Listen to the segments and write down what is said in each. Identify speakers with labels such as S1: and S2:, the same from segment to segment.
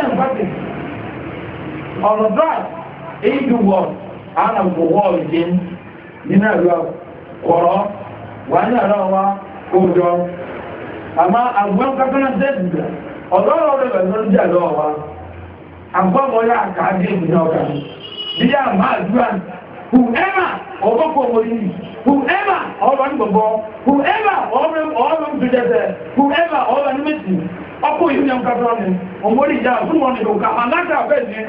S1: million package on the drive èyí ju wọ àánà gbogbo wọ ìdí nínú ndị kọ̀rọ̀ wà ní ẹ̀rọ ndị kójọ àmọ́ àgbọn kankaná dẹ́gbẹ̀ ọ̀dọ́ ọ̀rọ̀ rẹ̀ lọ́dún ya ẹ̀rọ wa àgbọn mọ́ yá àkàdé ìgbìyànjú ọ̀gá yíyá máa dúrà whoever ọgbọ́kọ̀ ọrụ ọkụ ìsìn ọkọ̀tọ̀ ni òmórí ìjà fún wọn nìkan ká aláta Union ní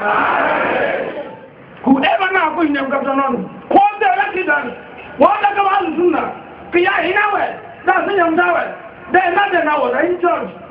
S1: kù ẹbẹ náà kú ìsìn ọkọ̀tọ̀ náà kó tẹ láti dànù wọ́n na wá lùsùn náà kìyà ìnáwẹ̀ láti yẹn dáwẹ̀ bẹ́ẹ̀ náà dẹ̀ náà wọ̀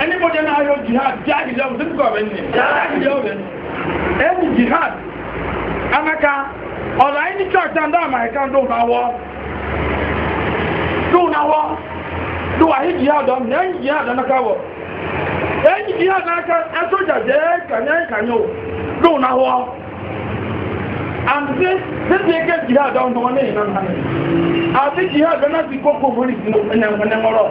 S1: anybody na ayo jihad jihad ilé ọmọ sẹ́dúkọ̀ ọ̀bẹ nìyẹn jihad ilé ọ̀bẹ ẹni jihad amaka ọ̀rọ̀ ayé ní church náà ndọ́ àmà ẹ̀ka ndó náà wọ́ ndó náà wọ́ ndó wàhí jihad ọ̀mù ẹni jihad ọ̀nàká wọ̀ ẹni jihad ọ̀nàká ẹtọ́ jàjẹ́ kànyẹ́ kànyẹ́ o do náà wọ́ and this this dey get jihad ọ̀nà wọn ní ìnáná àti jihad ọ̀nà ti kókó fún ìsinmi ẹ̀nẹ̀mọ̀rọ̀.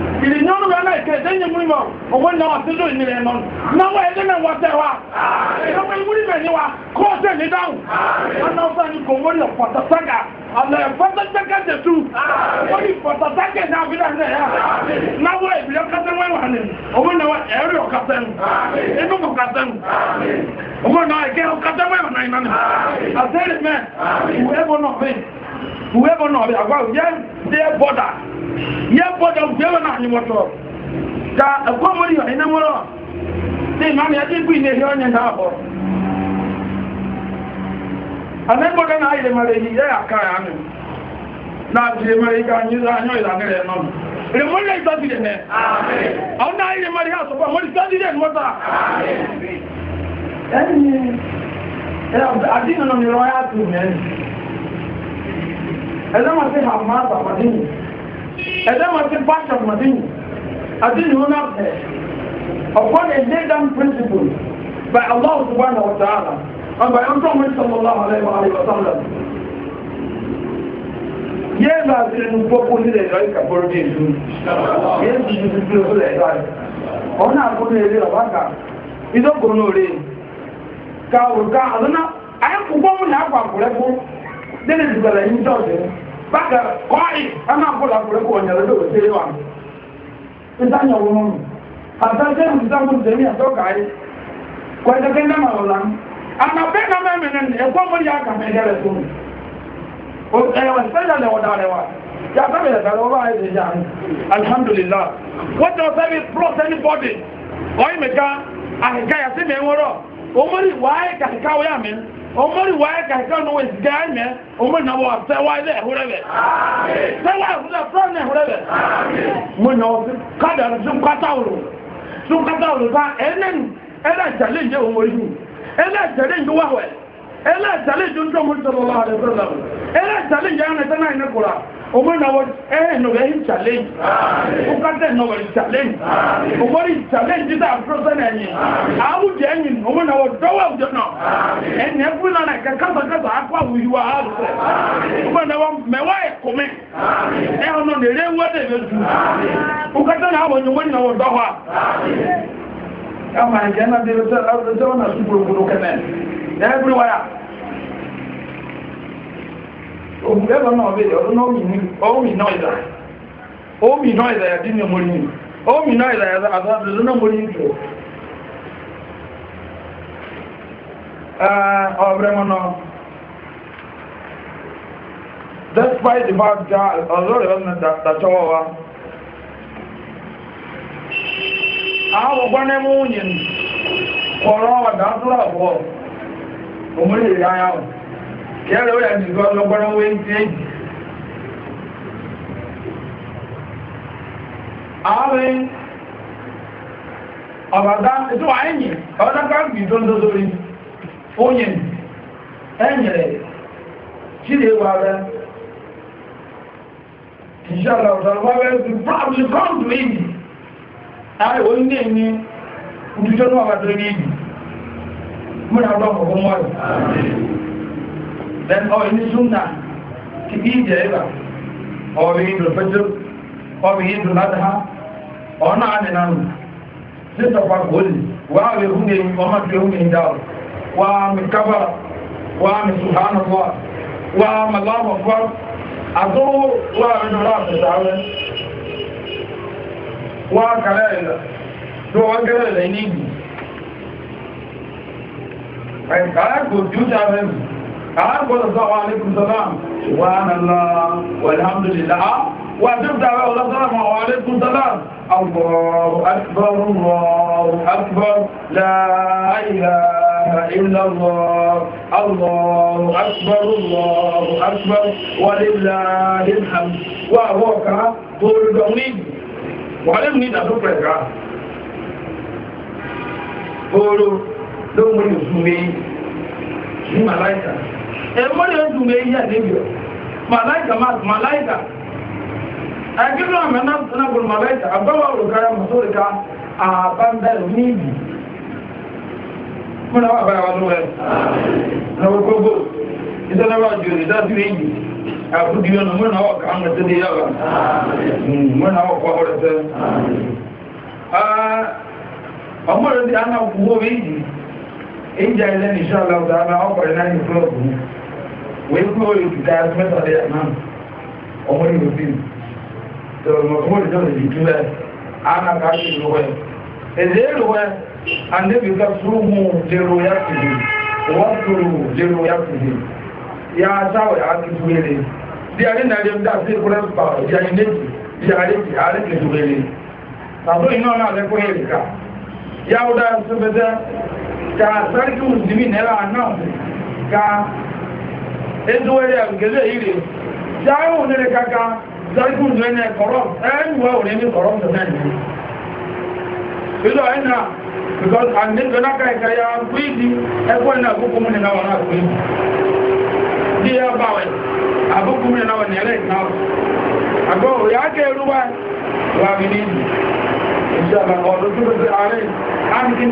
S1: ìrì nyɔnu bɛ ala ike ɛdɛ nye muli ma o ko na wa ti do ìnira yɛ nɔnu na wa ɛdɛ na wa tɛ wa ɛdɛ wa ìmuli bɛ ni wa kó o tɛ ni dáhùn ana wa ni ko mori ɔpɔtɔ sanga ala ɛfɔtɔ sanga de tu mori ɔpɔtɔ sanga na fi na ne ya na wa ìbílɛ kata wa wa ni o ko na wa ɛri o kata nu inú ko kata nu o ko na wa ɛkɛ o kata wa wa na yi na ni a seri mɛ o ɛbɔ nɔfɛ. whoever not be agwa yen dey border yen border whoever na ni moto ka agwa mori yo ina moro ti mami ati ku ine yo nyen na bo na ile mare ni ya aka ya na ti mare ka ni za anyo ila ngere no mo le ta ne amen ha so ba mo ta mo ta amen ni ẹ̀dá ma ti hamas àmàdínì ẹ̀dá máa ti báṣà àmàdínì àdínì wọn náà bẹ̀ upon a laid principle by Allah subhanahu wa ta'ala and by Anton sallallahu alayhi wa sallam yéé bá a ti ẹnu gbọ́kú yéé ti ti ọ̀hún náà kó ní ọ̀bá kà ìdókòó ka òrùka ayé kúkọ́ ní délé yìí bagara kọ́ọ̀ì ẹ̀ma àgbọ̀lá àgbọ̀lá k'o nyala ndo wòtí wa. Ìdáyà wọn nù. Àtàjẹ́ ìdáhùn tèmi àtọ́ka yìí. Kọ̀ọ̀dẹ́gẹ́ náà màá wọ̀lá. Àmà bẹ́ẹ̀ náà mẹ́mẹ́ nẹ̀ ní ẹ̀kọ́ mọ́ yà kà mẹ́jẹ́ rẹ̀ fún mi. wa. Yà sẹ́mi lẹ̀ kàlẹ́ wọ́n bá ayé lè yà anybody. Ọ̀yìn mi ká àhìká yà sí mi ń wọ́rọ̀. omori wa ka ka no we game omori na wa se wa le hure be amen se wa hure pro ne hure be amen mo no ka da zum ka ta uru zum ka ta uru ba enen ela jale nje omori ni ela jale nje wa we ela jale nje ndo mo sallallahu alaihi wasallam ela jale nje ana tana e ina kula Omenawo ẹ̀nọ̀rẹ́ yìí challenge. Òkàtẹ̀ ẹ̀nọ̀rẹ́ challenge. Òkòrí challenge títà àpúrọ́sẹ́ náà ẹ̀yìn. Àwùjẹ ẹ̀yìn omenawo dọ́wọ́ àwùjọ náà. Ẹ̀nà na náà kẹ kásàkásà akọ àwùjọ àárùsẹ̀. Omenawo mẹ́wàá ẹ̀kọ́mẹ́. Ẹ̀họ̀nà nèrè wọ́dẹ̀ bẹ́ẹ̀ òun lẹ́gbọ́n náà bèèrè ọdún ọmìnà ìdá ọmìnà ìdá yàdí ní mórí ní ọmìnà ìdá yàdá àtàdùdú náà mórí ní ọ̀rẹ́mọ̀nà despite the fact that ọ̀rọ̀ ọ̀nà dàtọ́wọ́ wa àwọn gbọ́nẹ́ mú yìn kọ̀rọ̀ wà dàtúrà bọ̀ òmìnira yàwó ka a were ya jigo nwee ntị eji ọ̀bàdá ètò àyẹ̀yẹ̀ ọ̀dọ́gbà gbìdó lórí onye ẹ̀yẹ̀rẹ̀ chidiewa rẹ̀ ìṣàlọ̀ ọ̀dọ̀lọ́wọ́ ẹ̀sùn probably come to him àìwò ní ẹni ní fún then ọ inú súnà ti bí ìjẹ ìgbà ọ̀rọ̀ ìdò fẹ́jọ́ ọ̀rọ̀ ìdò ládàá ọ̀nà àdìnàmù sísọ̀pá kòólì wà á rẹ̀ hún ní ọmọ tí wa ń gbìn dáwọ̀ wà á mi kábàrà wà á mi sùhánù wà wà á wa lábọ̀ fọ́ àtúwò wà á rẹ̀ dọ̀rọ̀ àfẹ́sàwẹ́ wà á kàrẹ́ ìlà tó wọ́n kẹ́rẹ́ ìlà ní ìgbì ẹ̀ka kò jù sáfẹ́ mi àgbọ̀dọ̀ sọ́wọ́ alẹ́kùn sọ́lám ṣùgbọ́nàlá wàlhámdùlélá wà tí ó dáwẹ́ ọlọ́sọ́lám àwọn alẹ́kùn sọ́lám Allahu akbar Allahu akbar la ilaha illallah Allahu akbar Allahu akbar walillahil hamd wà wọ́ọ̀ká tó rí dọ̀mí wà lè ní ìdàdúpẹ̀ ká oòrùn ló mú ìrùsùn mi ní màláìkà emorio dume iya debio malaika mas malaika akiro amena na gol malaika abawa ulukara masurika abanda nidi kuna wa bara wanu we na ukogo itana wa juri da duwe abu diyo na muna wa kanga tede ya ba muna wa kwa hmm, hore te ah amore di ana kuwo weji ìjà ilé ní ṣọ́ọ̀lá ọ̀dọ̀ àmà ọkọ̀rẹ́ náà ní flọ́ọ̀bù kú òye kìkà mẹ́tọ̀dé àmà ọmọ ìlú sí mi tọ̀rọ̀ ndị a a ka sarki musulmi na yara nan ka ezuwere ya nke ire ta yi wunere kaka sarki musulmi na korom ɗayan ne korom da nan ne ido na because an ne ka ya kwidi ekwe na abubu ne na wani akwidi di ya bawe ne na wani yare na ago ya ke ruwa wa bi ni insha Allah ọdún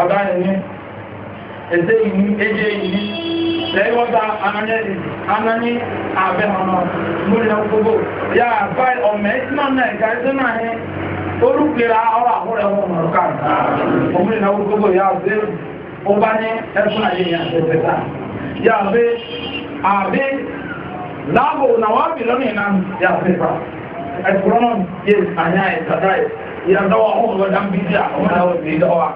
S1: agbáyẹni ẹ̀sẹ̀ ìní ẹjẹ́ ìní lẹ́yọ́ta anani àbẹ̀hànà múlẹ̀ gbogbo ya àbá ọmọ ẹ̀sìnà náà ẹ̀ka ẹ̀sìnà ẹ̀ olùgbèrà ọ̀rọ̀ àwọ̀rẹ̀ wọn mọ̀rọ̀ káàkiri múlẹ̀ gbogbo ya àbẹ́ ọba ní ẹ̀sùn àyẹ̀yẹ̀ àtẹ̀fẹ̀ta ya àbẹ́ àbẹ́ láàbò nàwọ́ àbìlọ́nì náà ya àfẹ́fà ẹ̀kùrọ́nà yẹ àyà ẹ̀tàdá ẹ̀ yang tahu aku dalam bidya orang tahu bidya awak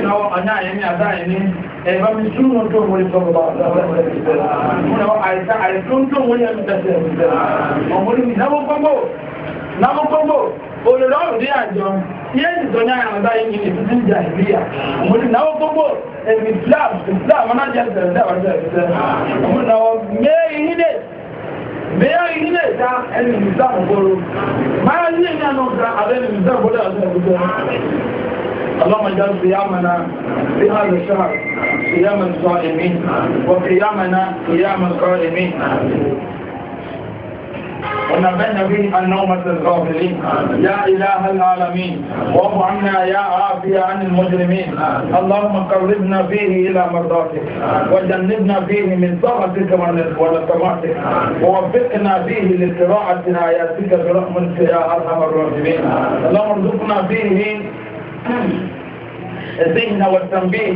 S1: tahu hanya ini ada ini eh kami cuma untuk murid Allah mana Aisyah Aisyah untuk murid kita sendiri murid ni nama pembo nama pembo oleh lawan dia jom ia itu nya yang ada ini itu dia dia murid nama pembo eh Islam Islam mana jadi dah dah dah murid nama me ini mẹ́rin nílẹ̀ ìta ẹni ìgbà ọgbọ́rọ̀ máa nílẹ̀ ní àná ọ̀gá abẹ́ni ìgbà ọgbọ́rọ̀ àti ẹgbẹ́ اللهم اجعل صيامنا في هذا الشهر صياما صائمين وقيامنا قياما قائمين ونبأنا به عن نومة الغافلين يا إله العالمين وافعنا يا عافية عن المجرمين اللهم قربنا فيه إلى مرضاتك وجنبنا فيه من طاعتك ونسمعتك ووفقنا فيه لقراءة آياتك برحمتك يا أرحم الراحمين اللهم ارزقنا فيه الذهن والتنبيه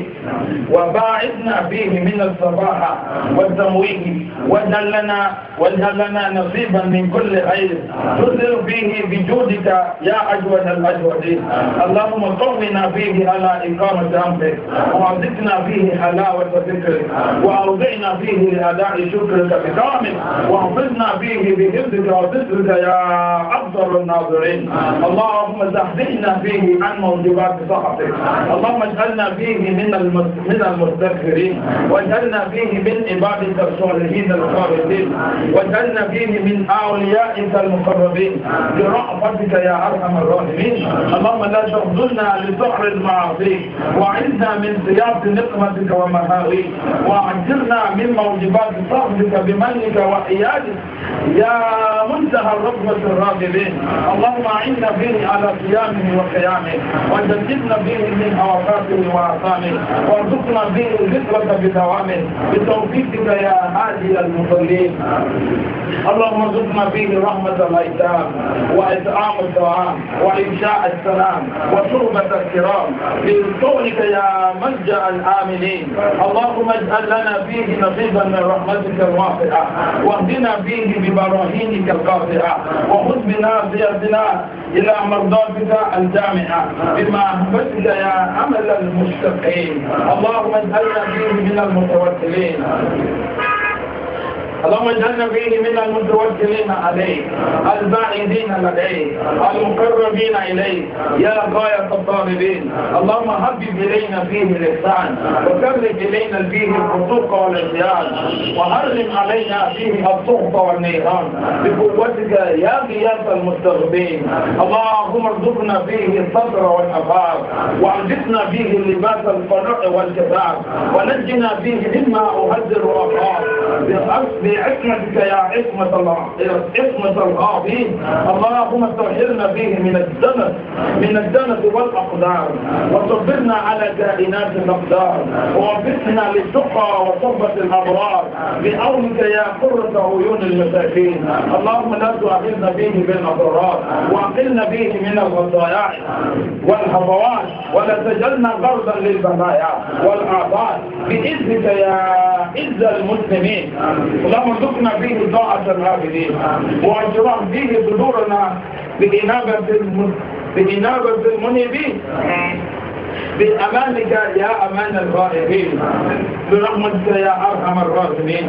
S1: وباعدنا فيه من الصباح والتمويه وجلنا وجلنا نصيبا من كل خير تظهر فيه بجودك يا أجود الأجودين اللهم قومنا فيه على إقامة أمرك وعزتنا فيه حلاوة ذكرك وأوضعنا فيه لأداء شكرك بكامل وحفظنا فيه بحفظك وذكرك يا أفضل الناظرين اللهم زهدنا فيه عن موجبات صحتك اللهم اجعلنا فيه من من المستغفرين واجعلنا فيه من عبادك الصالحين الخالدين واجعلنا فيه من اوليائك المقربين برحمتك يا ارحم الراحمين اللهم لا تخذلنا لسحر المعاصي وعدنا من سياط نقمتك ومهاويك واعجلنا من موجبات صحبك بمنك وحيادك يا منتهى الرغبة الراغبين اللهم اعنا فيه على صيامه وقيامه وجددنا فيه من وفاته وعصامه وارزقنا به ذكرك بدوامه بتوفيقك يا هادي المصلين اللهم ارزقنا به رحمة الأيتام وإطعام الطعام وإنشاء السلام وشربة الكرام بكونك يا ملجأ الآمنين اللهم اجعل لنا فيه نصيبا من رحمتك الواسعة واهدنا فيه ببراهينك القاطعة وخذ بنا بيدنا إلى مرضاتك الجامعة بما أحببت يا أمل المشتقين اللهم اجعلنا فيه من المتوكلين اللهم اجعلنا فيه من المتوكلين عليك الباعدين لديه المقربين اليك يا غاية الطالبين اللهم حبب الينا فيه الاحسان وكرم الينا فيه الرتوق والازدياد وحرم علينا فيه السخط والنيران بقوتك يا غياث المستغربين اللهم ارزقنا فيه الصبر والعفاف والبسنا فيه لباس الفرح والكفاف ونجنا فيه مما اهدر واخاف بعصمتك يا عصمة عصمة الغابين اللهم طهرنا به من الدنس من الدنس والأقدار وصبرنا على كائنات الأقدار ووفقنا للتقى وصحبة الأبرار بأولك يا قرة عيون المساكين اللهم لا تؤاخذنا به بالأضرار وأقلنا به من الخطايا والهفوات ولا تجلنا غرضا للبلايا والآباد بإذنك يا إذ المسلمين اللهم ارزقنا به ضاعة العابدين واجرح به صدورنا بإنابة بإنابة المنيبين بأمانك يا أمان الغائبين برحمتك يا أرحم الراحمين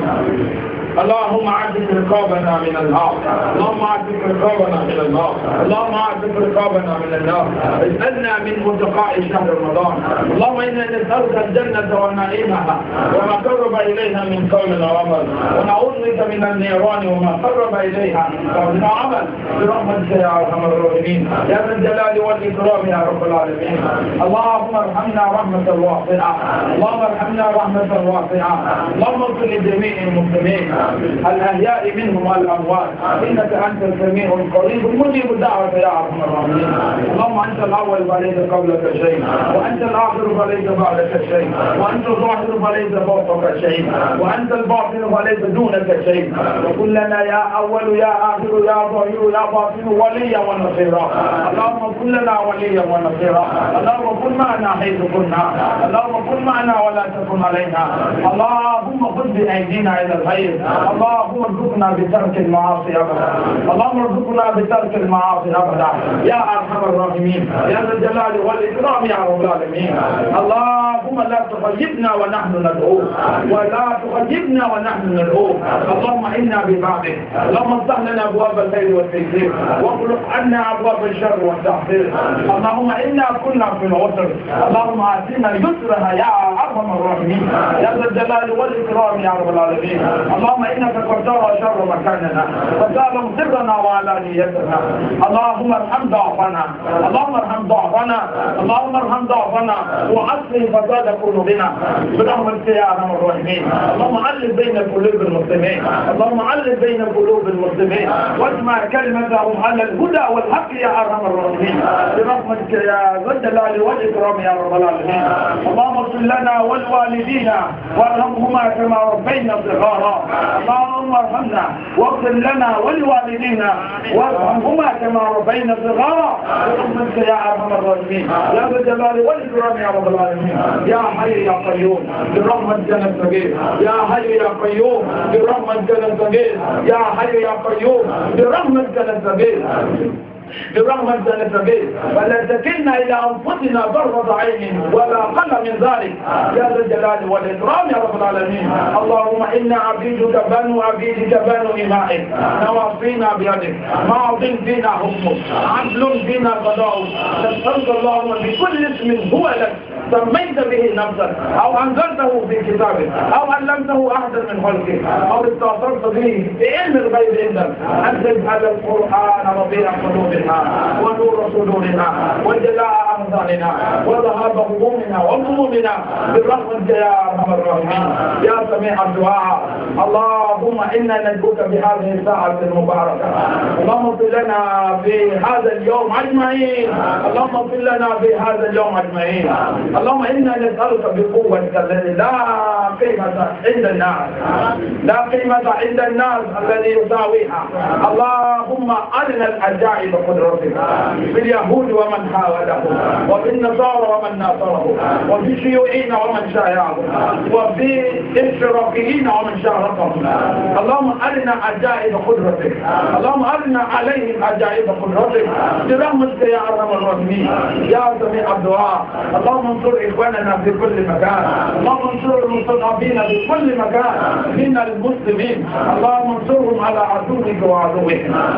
S1: اللهم عذب رقابنا من النار اللهم عذب رقابنا من النار اللهم عذب رقابنا من النار اجعلنا من متقاء شهر رمضان اللهم إنا نسألك الجنة ونعيمها وما قرب إليها من قول وعمل ونعوذ بك من النيران وما قرب إليها من عمل برحمتك يا أرحم الراحمين يا ذا الجلال والإكرام يا رب العالمين اللهم ارحمنا رحمة واسعة اللهم ارحمنا رحمة واسعة اللهم اغفر لجميع المسلمين الأهياء منهم والأموات إنك أنت السميع القريب المجيب الدعوة يا أرحم الراحمين اللهم أنت الأول فليس قبلك شيء وأنت الآخر فليس بعدك شيء وأنت الظاهر فليس فوقك شيء وأنت الباطن فليس دونك شيء وقل لنا يا أول يا آخر يا ظهير يا باطن وليا ونصيرا اللهم كن لنا وليا ونصيرا اللهم كن معنا حيث كنا اللهم كن معنا ولا تكن علينا اللهم خذ بأيدينا إلى الخير اللهم ارزقنا بترك المعاصي أبدا اللهم ارزقنا بترك المعاصي أبدا يا أرحم الراحمين يا ذا الجلال والإكرام يا رب العالمين اللهم لا تخيبنا ونحن ندعوك ولا تخيبنا ونحن ندعوك اللهم إنا ببعدك اللهم افتح لنا أبواب الخير والتيسير واغلق عنا أبواب الشر والتحصيل اللهم إنا كنا في العسر اللهم آتنا يسرها يا أرحم الراحمين يا ذا الجلال والإكرام يا رب العالمين اللهم اللهم إنك قد ترى شر مكاننا وتعلم سرنا وعلانيتنا اللهم ارحم ضعفنا اللهم ارحم ضعفنا اللهم ارحم ضعفنا وأصلح فساد قلوبنا برحمتك يا أرحم الراحمين اللهم ألف بين قلوب المسلمين اللهم ألف بين قلوب المسلمين واجمع كلمتهم على الهدى والحق يا أرحم الراحمين برحمتك يا ذا الجلال والإكرام يا رب العالمين اللهم اغفر لنا ولوالدينا وارحمهما كما ربينا صغارا اللهم ارحمنا واغفر لنا ولوالدينا وارحمهما كما ربينا صغارا برحمتك يا ارحم الراحمين يا ذا الجلال والاكرام يا رب العالمين يا حي يا قيوم جل نستغيث يا حي يا قيوم جل نستغيث يا حي يا قيوم جل نستغيث برغم أن مزدنبين ولا تكلنا إلى أنفسنا ضرة عين ولا قل من ذلك يا ذا الجلال والإكرام يا رب العالمين اللهم إنا عبيدك بنو عبيدك بنو إمائك نواصينا بيدك ماض فينا حكمك عدل فينا قضاؤك نسألك اللهم بكل اسم هو لك سميت به نفسك أو أنزلته في كتابك أو علمته أحدا من خلقك أو استأثرت به بعلم الغيب عندك انزل هذا القرآن ربيع قلوبنا ونور صدورنا وجلاء امثالنا وذهاب همومنا وغمومنا برحمتك يا أرحم الراحمين يا سميع الدعاء اللهم إنا ندعوك بهذه الساعة المباركة اللهم اغفر لنا في هذا اليوم أجمعين اللهم اغفر لنا في هذا اليوم أجمعين اللهم إنا نسألك بقوتك الذي لا قيمة عند الناس لا قيمة عند الناس الذي يساويها اللهم أرنا الأجائب قدرتك في اليهود ومن حاولهم وفي النصارى ومن ناصرهم وفي الشيوعيين ومن شايعهم وفي الشرقيين ومن شاركهم اللهم أرنا أجائب قدرتك اللهم أرنا عليهم أجائب قدرتك برحمتك يا أرحم الراحمين يا سميع الدعاء اللهم انصر إخواننا في كل مكان اللهم انصر المستضعفين المرابين بكل مكان من المسلمين اللهم انصرهم على عدوك وعدوك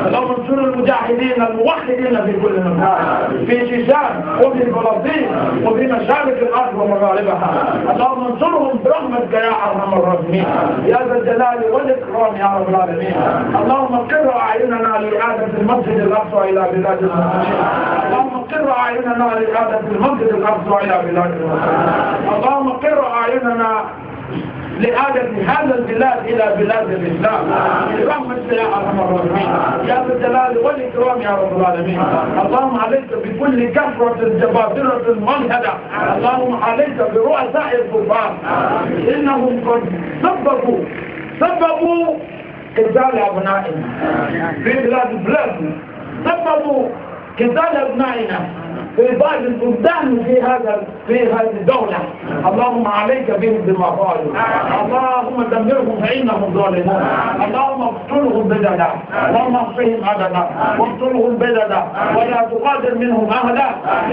S1: اللهم انصر المجاهدين الموحدين في كل مكان في شيشان وفي فلسطين وفي مشارق الارض ومغاربها اللهم انصرهم برحمتك يا ارحم الراحمين يا ذا الجلال والاكرام يا رب العالمين اللهم اقر اعيننا لاعاده المسجد الاقصى الى بلاد المسلمين اللهم اقر اعيننا لاعاده المسجد الاقصى الى بلاد المسلمين اللهم اقر اعيننا لعادة هذا البلاد إلى بلاد الإسلام برحمة يا رب العالمين. يا ذا الجلال والإكرام يا رب العالمين اللهم عليك بكل كفرة الجبابرة الملهدة اللهم عليك برؤساء الكفار إنهم قد سببوا سببوا قتال أبنائنا في بلاد بلادنا سببوا قتال أبنائنا في بعض في هذا في هذه الدولة اللهم عليك بهم بالمظالم اللهم دمرهم فإنهم ظالمون اللهم اقتلهم بدلا اللهم اقتلهم عددا واقتلهم بدلا ولا تقادر منهم أهلا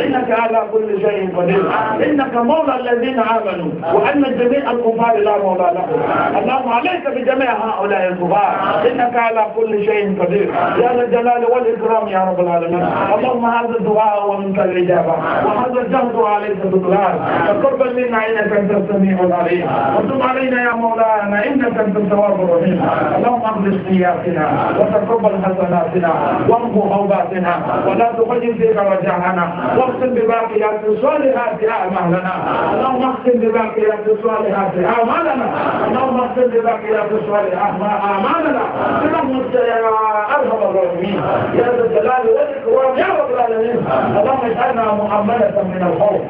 S1: إنك على كل شيء قدير إنك مولى الذين آمنوا وأن جميع الكفار لا مولى لهم اللهم عليك بجميع هؤلاء الكفار إنك على كل شيء قدير يا ذا الجلال والإكرام يا رب العالمين اللهم هذا الدعاء ومنك الإجابة وهذا الجهد عليك تطلال فقربا لنا إنك أنت السميع العليم وتب علينا يا مولانا إنك أنت التواب الرحيم اللهم أخلص نياتنا وتقبل حسناتنا وامحو غوباتنا ولا تقدم فيك وجهنا واختم بباقيات الصالحات أعمالنا اللهم اختم بباقيات الصالحات أعمالنا اللهم اختم بباقيات الصالحات أعمالنا برحمتك يا أرحم الراحمين يا ذا الجلال والإكرام يا رب العالمين اللهم اجعل جعلنا محملة من الخوف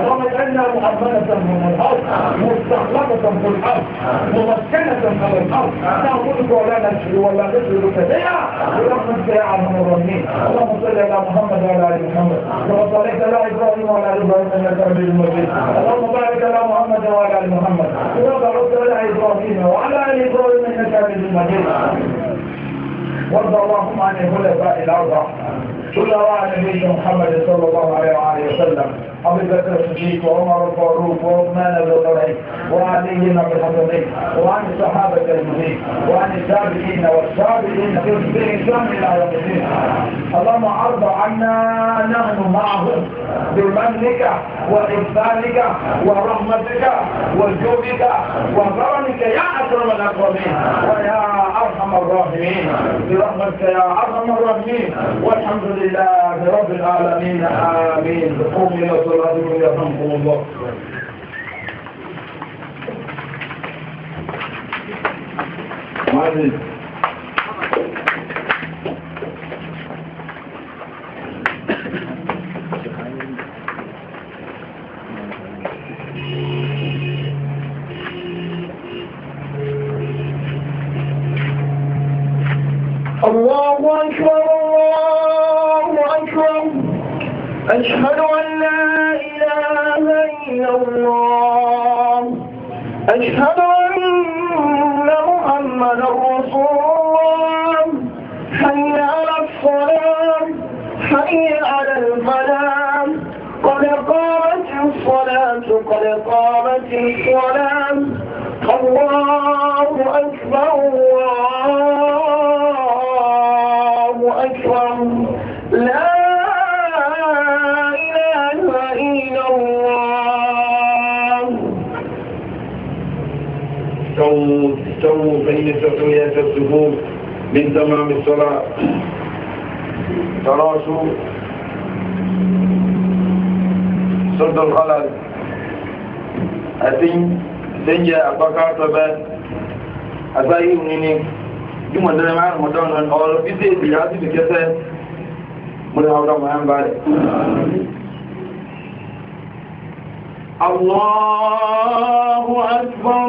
S1: اللهم اجعلنا محملة من الخوف مستخلصة في الارض ممكنة من الارض نعبدك ولا نشري ولا نشرك بها برحمتك يا عالم الرحمين اللهم صل على محمد وعلى ال محمد كما صليت على ابراهيم وعلى ال ابراهيم انك حميد مجيد اللهم بارك على محمد وعلى ال محمد كما باركت على ابراهيم وعلى ال ابراهيم انك حميد مجيد وارض اللهم عن الخلفاء الأربعة كل على نبينا محمد صلى الله عليه وآله وسلم أبي بكر الصديق وعمر الفاروق وعثمان الرضي وعلي بن أبي وعن الصحابة المهين وعن السابقين والسابقين في الإسلام إلى يوم الدين اللهم أرض عنا نحن معهم بمنك وإحسانك ورحمتك وجودك وكرمك يا أكرم الأكرمين ويا أرحم الراحمين برحمتك يا أرحم الراحمين والحمد لله رب العالمين آمين قوم إلى صلاتكم يرحمكم الله Thank you. أشهد أن لا إله إلا الله أشهد أن محمد رسول الله حي على الصلاة حي على الفلام قد قامت الصلاة قد قامت الصلاة الله الدنيا كالسبوب من تمام الصلاة تراش صد الخلل أتين تنجا أبكار تبات أتايه منيني جمع أنا رمضان أن أول بيزي بيعاتي بكسر من هذا مهم بارك الله أكبر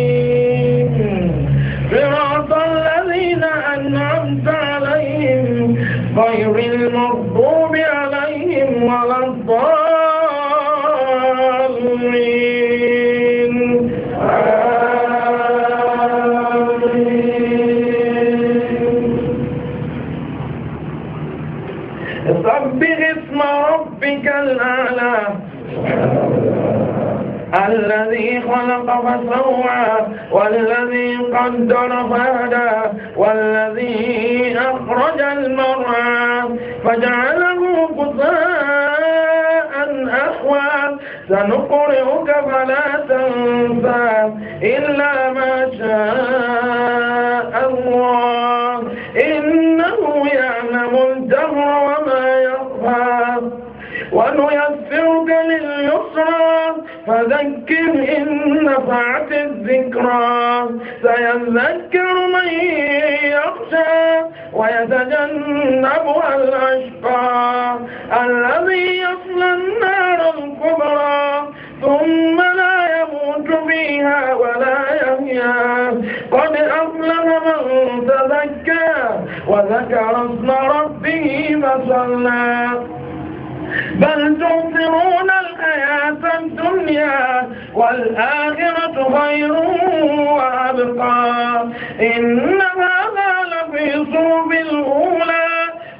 S1: الأعلى الذي خلق فسوى والذي قدر فهدى والذي أخرج المرعى فجعله قساء أخوى سنقرئك فلا تنسى إلا ما شاء ونيسرك لليسرى فذكر إن نفعت الذكرى سيذكر من يخشى ويتجنبها الأشقى الذي يصلى النار الكبرى ثم لا يموت فيها ولا يحيا قد أفلح من تزكى وذكر اسم ربه فصلى بل تؤثرون الحياة الدنيا والآخرة خير وأبقى إن هذا لفي صوب الأولى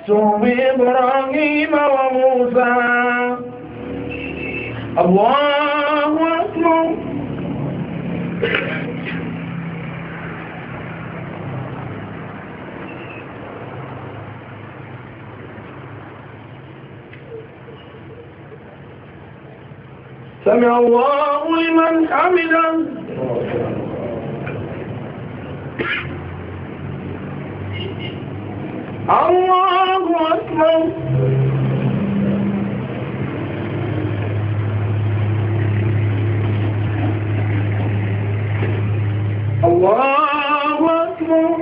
S1: صوب إبراهيم وموسى الله سمع الله لمن حمدا الله أكبر
S2: الله أكبر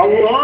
S2: الله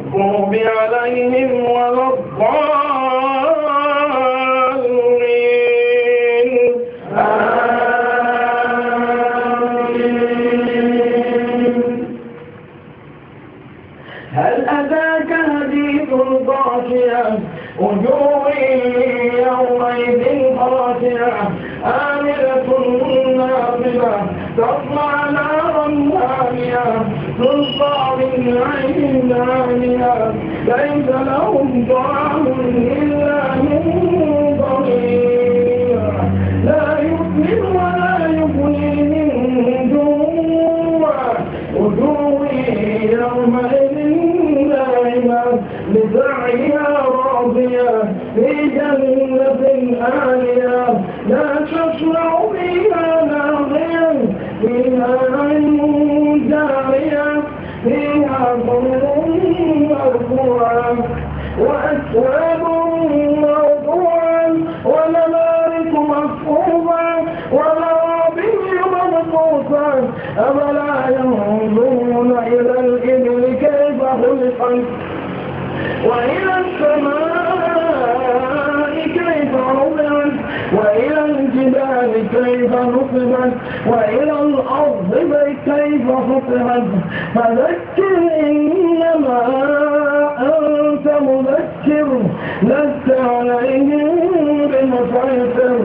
S1: المغضوب عليهم ولا الضالين أفلا ينظرون إلى الإبل كيف خلقت وإلى السماء كيف رفعت وإلى الجبال كيف نصبت وإلى الأرض كيف سطحت فذكر إنما أنت مذكر لست عليهم بمسيطر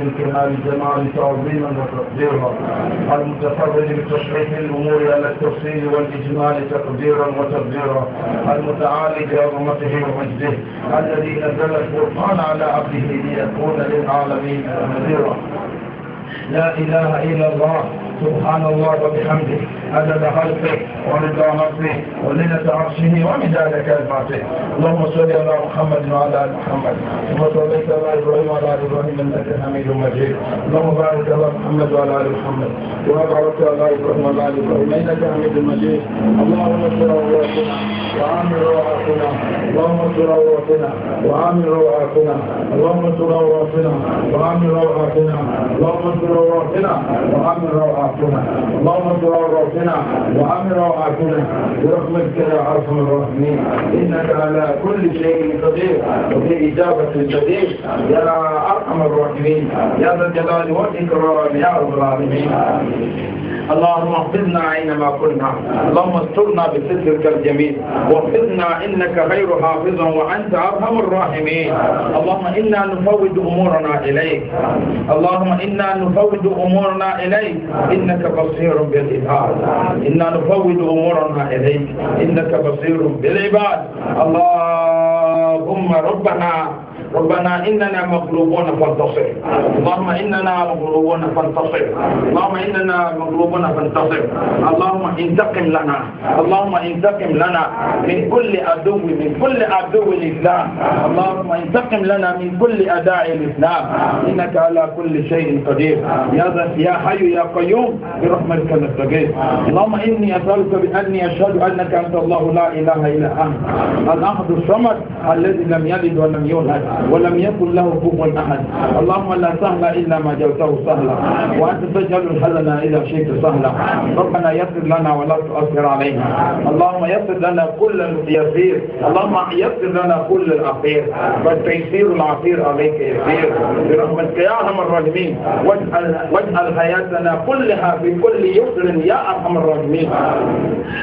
S1: من كمال الجمال تعظيما وتقديرا المتفرد بتشريح الأمور على التفصيل والإجمال تقديرا وتقديرا المتعالي بعظمته ومجده الذي نزل الفرقان على عبده ليكون للعالمين نذيرا لا إله إلا الله سبحان الله وبحمده عدد خلقه ورضا نفسه وليلة عرشه ومداد كلماته اللهم صل على محمد وعلى ال محمد ثم صليت على ابراهيم وعلى ال ابراهيم انك حميد مجيد اللهم بارك على محمد وعلى ال محمد كما باركت على ابراهيم وعلى ال ابراهيم انك حميد مجيد اللهم استر عوراتنا وعامل روعاتنا اللهم استر عوراتنا وعامل روعاتنا اللهم استر عوراتنا وعامل روعاتنا اللهم استر عوراتنا وعامل روعاتنا اللهم استر عوراتنا ربنا وأمر أوقاتنا برحمتك يا أرحم الراحمين إنك على كل شيء قدير وفي إجابة الجديد يا أرحم الراحمين يا ذا الجلال والإكرام يا رب العالمين اللهم احفظنا اينما كنا اللهم استرنا بسترك الجميل واحفظنا انك غير حافظ وانت ارحم الراحمين اللهم انا نفوض امورنا اليك اللهم انا نفوض امورنا اليك انك بصير بالاظهار إنا نفوض أمورنا إليك إنك بصير بالعباد اللهم ربنا ربنا إننا مغلوبون فانتصر اللهم إننا مغلوبون فانتصر اللهم إننا مغلوبون فانتصر اللهم انتقم لنا اللهم انتقم لنا من كل عدو من كل عدو الإسلام اللهم انتقم لنا من كل أداء الإسلام إنك على كل شيء قدير يا يا حي يا قيوم برحمتك نستغيث اللهم إني أسألك بأني أشهد أنك أنت الله لا إله إلا أنت الأحد الصمد الذي لم يلد ولم يولد ولم يكن له كفوا أحد اللهم لا سهل إلا ما جوته سهلا وأنت تجعل الحزن إذا شئت سهلا ربنا يسر لنا ولا تؤثر علينا اللهم يسر لنا كل يسير اللهم يسر لنا كل الاخير فالتيسير العسير عليك يسير برحمتك يا أرحم الراحمين واجعل حياتنا كلها في كل يسر يا أرحم الراحمين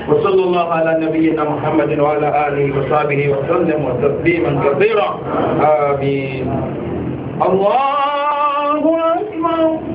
S1: وصلى الله على نبينا محمد وعلى آله وصحبه وسلم وتسليما كثيرا آه آمين الله أكبر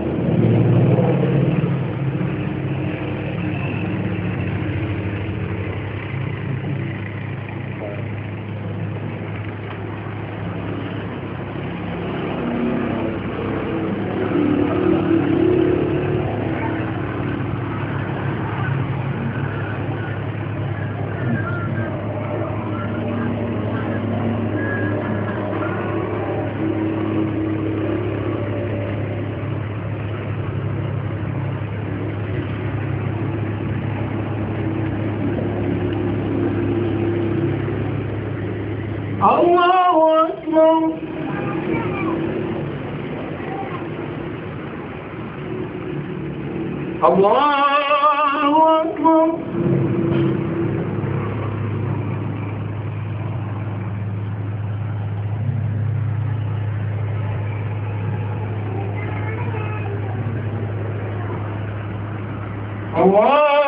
S2: wọ́n.